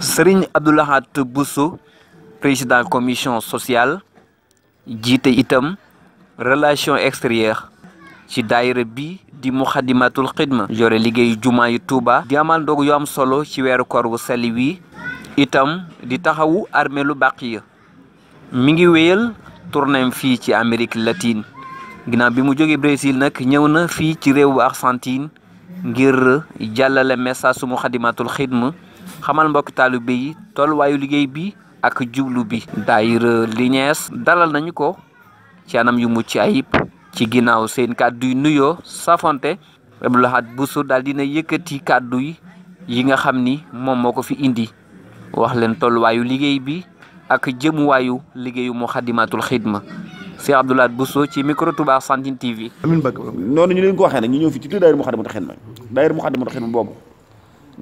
sëriñ Abdou Lahad Bousso président commission sociale jiite itam relation extérieure ci daayira bi di Muxaddamatul Xidma yore liggéeyu jumaa yu Touba di amal ndog yu am solo ci weeru koor wu sali wi itam di taxawu armée lu bàq ya mu ngi wéyal tournéem fii ci Amérique latine ginnaaw bi mu jógee Brésil nag ñëw na fii ci réewu Argentine ngir jàllale message su Muxaddamatul Xidma xamal mbokk taalibe yi tolluwaayu liggéey bi ak jublu bi daayira Lignes dalal nañu ko ci anam yu mucc ayib ci ginnaaw seen kàddu yi nuyoo safonte Abdou Lahad Bousso daal dina yëkkati kàddu yi yi nga xam ni moom moo ko fi indi wax leen tolluwaayu liggéey bi ak jëmuwaayu liggéeyu Moukhaddamatoul Khidma Cheikh Abdou Lahad Bousso ci micro Touba Argentine TV. amiin bëgg noonu ñu leen ko waxee nag ñu ñëw fi ci daayira Moukhaddamatoul Khidma daayira Moukhaddamatoul Khidma boobu.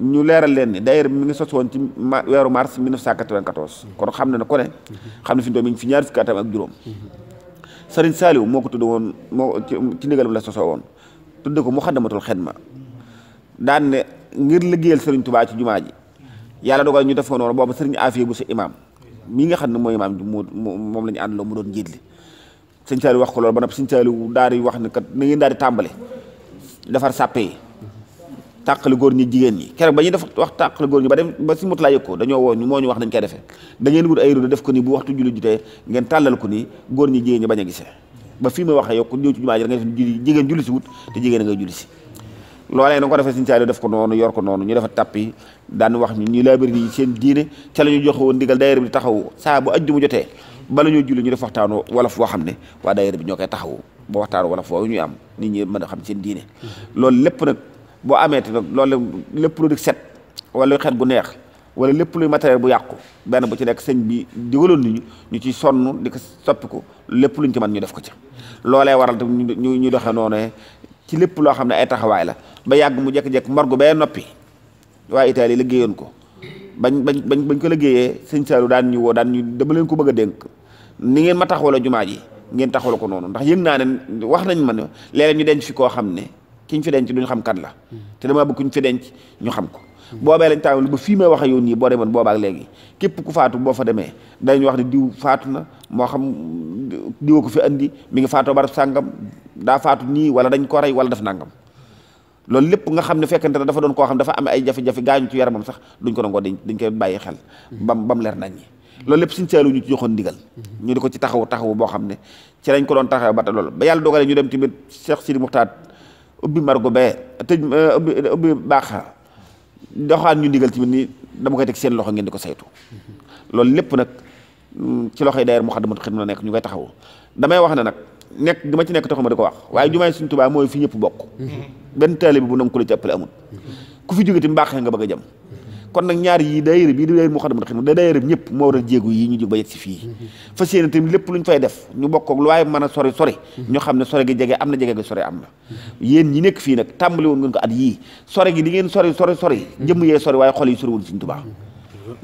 ñu leeral leen ni d'ailleurs mi ngi sos woon ci weeru mars 1994 mm-hmm. kon xam na ne ku ne xam ne fi doom mi ngi fi ñaar fukki atam ak juróom mm-hmm. Serigne Saliou moo ko tudd woon moo ci ndigalam la sosoo woon tudde ko ma daa mm-hmm. daan ne ngir liggéeyal Serigne Touba ci jumaa ji yàlla dogal ñu defoon woon boobu Serigne Afia bu sa imaam mii nga xam ne mooy imaam ji mu moom la ànd àndaloo mu doon njiit li Serigne Saliou wax ko loolu ba nag Serigne Saliou daal di wax ne kat na ngeen daal di tàmbale defar sàppe yi tàqali góor ñi jigéen ñi keroog ba ñuy def wax tàqali góor ñi ba dem ba si mut laa yëg ko dañoo woo ñu moo wax nañ koy defee da ngeen wut ay rudo def ko ni bu waxtu julli a gisee a ngay julli si loolee ko defee siñ saay def wax ñu la ñu joxe woon ndigal daayira bi taxawu wolof woo xam ne waa daayira bi ñoo koy taxawu ba waxtaanu wolof woowu ñuy am nit ñi mën a xam seen diine mm-hmm. loolu lépp nag boo ameeti nag loolu lépp lu di set wala xet bu neex wala lépp luy matériel bu yàqu benn bu ci nekk sëñ bi digaloon nañu ñu ñu ci sonn soppi ko soppiku lépp luñ ci mën ñu def ko ci loolee waral tam ñu ñu doxee noonu ci lépp loo xam ne ay taxawaay la ba yàgg mu jekk-jekk morgue bee noppi waaye waa Italie liggéeyoon ko bañ bañ bañ bañ ko liggéeyee sëñ Saalu daan ñu woo daan ñu dama leen ko bëgg a dénk ni ngeen ma taxawala jumaa ji ngeen taxawal ko noonu ndax yëg naa ne wax nañ ma ne léeg ñu denc fi koo xam ne kiñ ñu fi denc duñu xam kan la te damaa bëgg ñu fi ñu xam ko boobee lañ tàmbali ba fii may wax ak yow boo boo demoon boobaak léegi képp ku faatu boo fa demee dañu wax ne diw faatu na moo xam diwa ko fi andi mi ngi faatoo barab sàngam daa faatu nii wala dañ ko rey wala def nangam loolu lépp nga xam ne fekkante ne dafa doon koo xam dafa am ay jafe-jafe gaañu ci yaramam sax duñ ko dongoo dañ dañ koy bàyyi xel bam bam leer nañ loolu lépp seelu ñu ci joxoon ndigal ñu di ko ci taxawu taxawu boo xam ne ci lañ ko doon taxaw ba te loolu ba yàlla dogalee ñu dem tamit Cheikh Sidi Muxtaar ubbi margo bee tëj euh, ubbi ubbi baaxa doxaan ñu ndigal tamit ni dama koy teg seen loxo ngeen di ko saytu loolu lépp nag mm, ci loxoy daayira ma Khidma la nekk ñu koy taxaw damay wax ne nag nekk gi ma ci nekk taxu ma di ko wax waaye jumaay Sëriñ Tuubaa mooy fi ñëpp bokk mm-hmm. benn taalibe bu nangu ku la ci ëppale amul ku fi jóge tamit baaxee nga bëgg a kon nag ñaar yi daayira bii di daayira Moukhaddamatoul Khidma da daayira ñëpp moo war a jéegu yi ñu jóg ba yegg si fii fas yéene lépp lu ñu fay def ñu bokk ak lu waaye mën a sori sori ñu xam ne sori gi jege am na jege gi sori am na yéen ñi nekk fii nag tàmbali woon ngeen ko at yii sori gi di ngeen sori sori sori jëmm yee sori waaye xol yi soriwul Sëriñ Tuubaa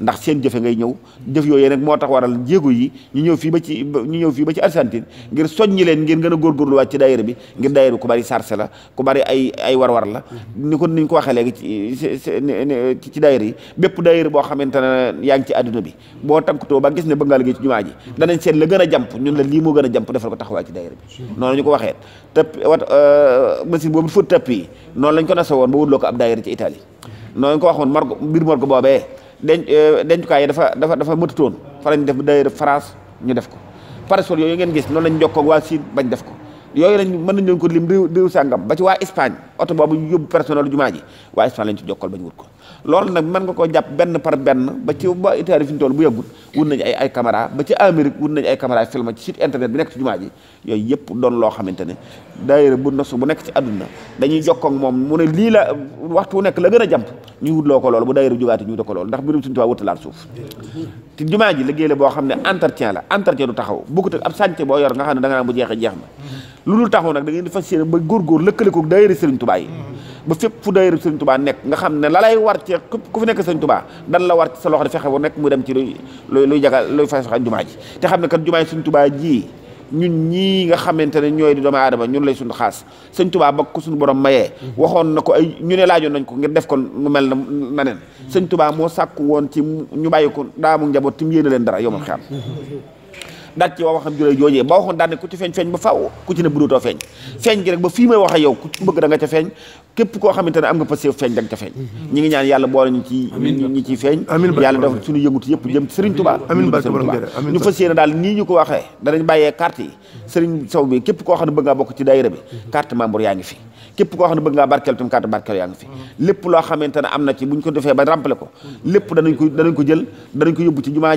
ndax seen jëfe ngay ñëw jëf yooyu nag moo tax waral jéego yi ñu ñëw fii ba ci ñu ñëw fii ba ci Argentine ngir soññi leen ngeen gën a góorgóorluwaat ci daayira bi ngir daayira ku bari sarse la ku bari ay ay war-war la ni ko niñ ko waxee léegi ci ci daayira yi bépp daayira boo xamante ne yaa ngi ci àdduna bi boo tankutoo ba gis ne bëgg nga liggéey ci jumaa ji danañ seet la gën a jàmp ñun la lii moo gën a jàmp defal ko taxawaay ci daayira bi noonu ñu ko waxee tëpp wat euh, machine boobu fóot tëpp yi noonu lañ ko nasa woon ba wutloo ko ab daayira ci Italie mm-hmm. noonu ñu ko waxoon morgo mbir morgo boobee denc euh, dencukaay yi dafa dafa dafa mëtutoon fa lañ def daayira France ñu def ko parasol yooyu ngeen gis noonu lañ jokkoo ak waa Siin bañ def ko yooyu lañ mën nañ leen ko lim réew réew sàngam ba ci waa Espagne oto boobu ñu yóbbu personnel jumaa ji waa Espagne lañ ci jokkal bañ wut ko loolu nag mën nga koo jàpp benn par benn ba ci ba Italie fi bu yàggut wut nañu ay ay caméra ba ci Amérique wut nañu ay caméra film ci site internet bi nekk ci jumaa ji yooyu la waxtu nekk la gën a jàmp ko loolu bu daayira jugaati ñu wuta ko loolu ndax mbirum suñu tubaab wutalaat boo xam ne entretien la entretien du taxaw bokkut ab sànce boo yor nga xam ne da nga bu jeexee jeex na lu dul taxaw nag da ngeen di fas yéene ba góorgóor lëkkale ko daayira Sëriñ Tuubaa yi ba fépp fu daayira sëñ tubaa nekk nga xam ne la lay war ci ku fi nekk sëñ tubaa dan la war ci sa loxo di fexe bu nekk mu dem ci luy luy luy jagal luy fay sax jumaa ji te xam ne kat jumaa yi sëñ tubaa jii ñun ñii nga xamante ne ñooy di doomu aadama ñun lay suñu xaas sëñ tubaa ba ko suñu borom mayee waxoon na ko ay ñu ne laajoon nañ ko ngir def ko nu mel na neen sëñ tubaa moo sàkku woon ci ñu bàyyi ko daa mu njaboot tim yéene leen dara yomal xel daat ci wax waxam juree joojee ba waxoon daal ku ci feeñ feeñ ba faw ku ci ne budutoo feeñ feeñ gi rek ba fii may wax yow ku bëgg da ca feeñ képp koo xam ne bëgg ngaa bokk ci daayira bi carte membre yaa ngi fi képp koo xam ne bëgg ngaa barkeel tam carte barkeel yaa ngi fi lépp loo xamante ne am na ci buñ ko defee ba rampale ko lépp danañ ko danañ ko jël danañ ko yóbbu ci jumaa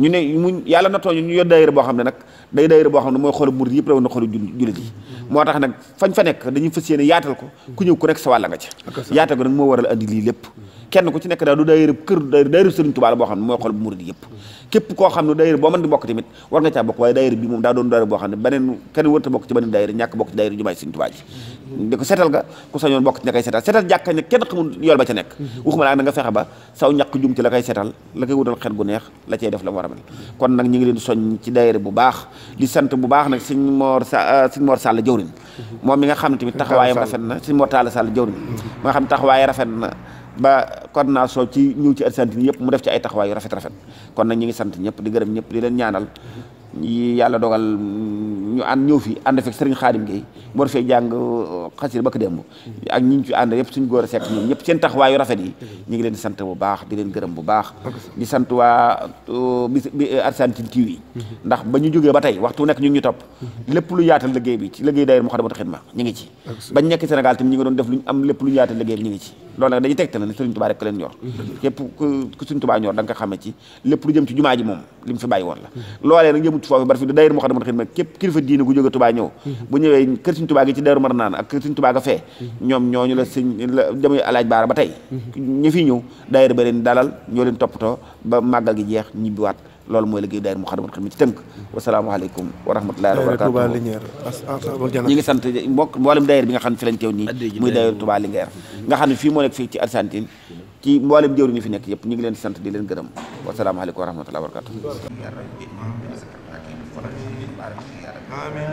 ñu ne mu yàlla na ñu ñu yor boo xam ne nag day daayira boo xam ne mooy xolu murid yëpp raw na xolu jullit yi moo tax nag fañ fa nekk dañu fas yéene yaatal ko ku ñëw ku nekk sa wàll nga ca yaatal ko nag moo waral andi lii lépp kenn ku ci nekk daal du daayira kër du daayira Sëriñ Tuubaa la boo xam ne mooy xol bu murid yëpp képp koo xam ne daayira boo mën di bokk tamit war nga caa bokk waaye daayira bi moom a mel kon nag ñu ngi leen bu baax sant bu baax nag sëñ Mor sa ah, sëñ Mor Sall jëwrin moom mi nga xam ne tamit taxawaayam rafet na sëñ Mor Talla Sall jëwrin mi nga xam ne taxawaay rafet na ba coordination ci ñëw ci Argentine yëpp mu def ci ay taxawaay yu rafet rafet kon nag ñu ngi sant ñëpp di gërëm ñëpp di leen ñaanal yàlla dogal ñu ànd ñëw fi ànd fekk Serigne Khadim Gueye mu dafee jàng euh, xasir ba ko démb ak ñi a sekk euh, euh, ba ba tey waxtu ñu ngi ñu lu yaatal liggéey bi ci liggéey daayira Moukhaddamatoul Khidma ñu ngi ci bañ nekk Sénégal tamit ñu ngi doon def lu jëm ci jumaa ji moom li mu fi bàyyi woon la loolee nag jëmut foofu bari fi daayira Moukhaddamatoul Khidma képp kilifa kilifa diine gu jóge Touba ñëw mhm. bu ñëwee kër Sëriñ Touba gi ci Daaru Marnaan ak kër Sëriñ Touba ga fee mhm. ñoom ñooñu la sëñ la alaaj baara ba tey mhm. ñu ñëw daayira ba leen dalal ñoo leen toppatoo ba màggal gi jeex ñibbiwaat loolu mooy liggéey daayira Moukhaddamatoul Khidma ci tënk wasalaamaaleykum wa wa barakaatuh ñi ngi sant mbokk mboolem daayira bi nga xam ne fi lañ ci Argentine ci mboolem jëwri ñu yëpp ñu ngi leen sant di leen gërëm wasalaamaaleykum Amin.